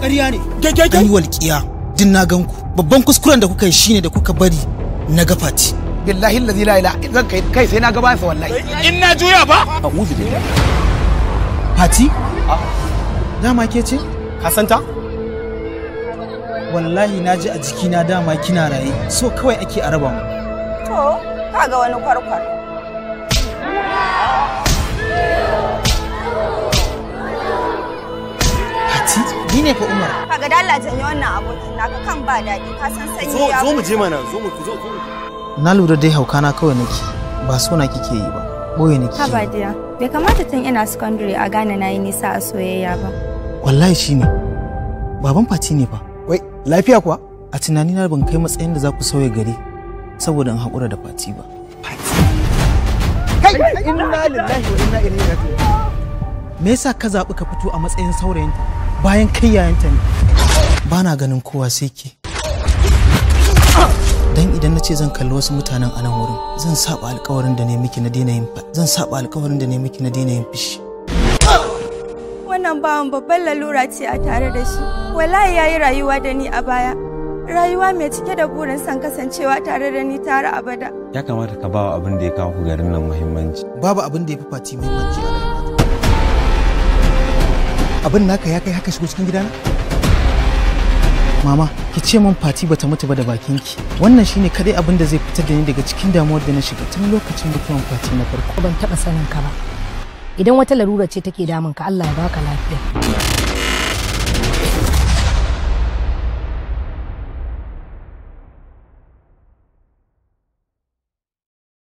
ƙarya ne an yi walƙiya din na gan ku babban kuskuren da kuka yi shine da kuka bari na gafati billahi allazi la ilaha illa kai kai sai na ga sa wallahi in na juya ba a'udhu billahi fati ah. dama ke ce ka santa wallahi na ji a jikina dama kina raye so kawai ake araba mu to kaga wani kwarkwar ni ne fa Umar. Kaga dalla janye wannan abokin naka kan ba dadi ka san sanyi ya. Zo mu je mana zo mu zo zo. Na lura dai hauka na kawai nake ba so na kike yi ba. Boye nake. ba dia bai kamata tun ina secondary a gane na yi nisa a soyayya ba. Wallahi shine. Baban Fati ne fa. Wai lafiya kuwa? A tunanina ban kai matsayin da za ku sauya gari saboda in haƙura da Fati ba. Kai inna lillahi wa inna ilaihi raji'un. Me yasa ka zaɓi ka fito a matsayin saurayinta? bayan kai yayanta ne ba na ganin kowa sai ke dan idan na ce zan kalli wasu mutanen a nan wurin zan saba alkawarin da ne miki na daina yin zan saba alkawarin da ne miki na daina yin fishi wannan bawan babban lalura ce a tare da shi wallahi yi rayuwa da ni a baya rayuwa mai cike da burin san kasancewa tare da ni tare abada ya kamata ka bawa abin da ya kawo ku garin nan muhimmanci babu abin da ya fi fati muhimmanci a rayuwa abin naka ya kai haka shigo cikin gidana mama ki ce min fati bata mutu ba da bakinki wannan shine kadai abin da zai fitar da ni daga cikin damuwar da na shiga tun lokacin mutuwan fati na farko ban taba sanin ka ba idan wata larura ce take damun ka Allah ya baka lafiya